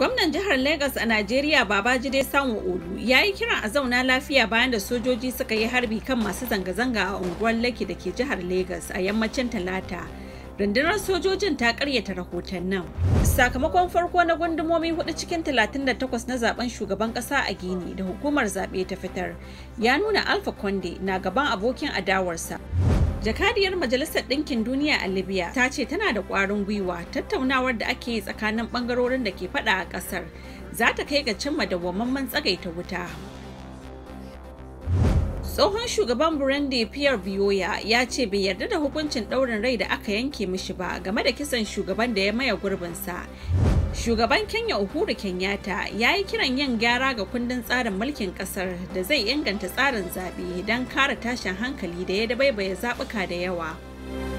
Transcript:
Gwamnan jihar Legas a Najeriya Babajide Sanwo Olu ya yi kiran a zauna lafiya bayan da sojoji suka yi harbi kan masu zanga-zanga a unguwar Laki da ke jihar Legas a yammacin Talata. Rundunar sojojin ta karyata rahoton nan. Sakamakon farko na gundumomi hudu cikin 38 na zaben shugaban ƙasa a Gini da hukumar zaɓe ta fitar ya nuna Alpha Conde na gaban abokin adawarsa. jakadiyar majalisar ɗinkin duniya a libya ta ce tana da ƙwarin gwiwa tattaunawar da ake yi tsakanin ɓangarorin da ke faɗa a ƙasar za ta kai ga cimma tsagai tsagaita wuta tsohon shugaban burundi pierre biyoya ya ce bai yarda da hukuncin ɗaurin rai da aka yanke mishi ba game da kisan shugaban da ya maye gurbinsa shugaban kenya uhuru kenyatta ya yi kiran yin gyara ga kundin tsarin mulkin kasar da zai inganta tsarin zaɓe don kare tashin hankali da ya dabaibaye zaɓuka da yawa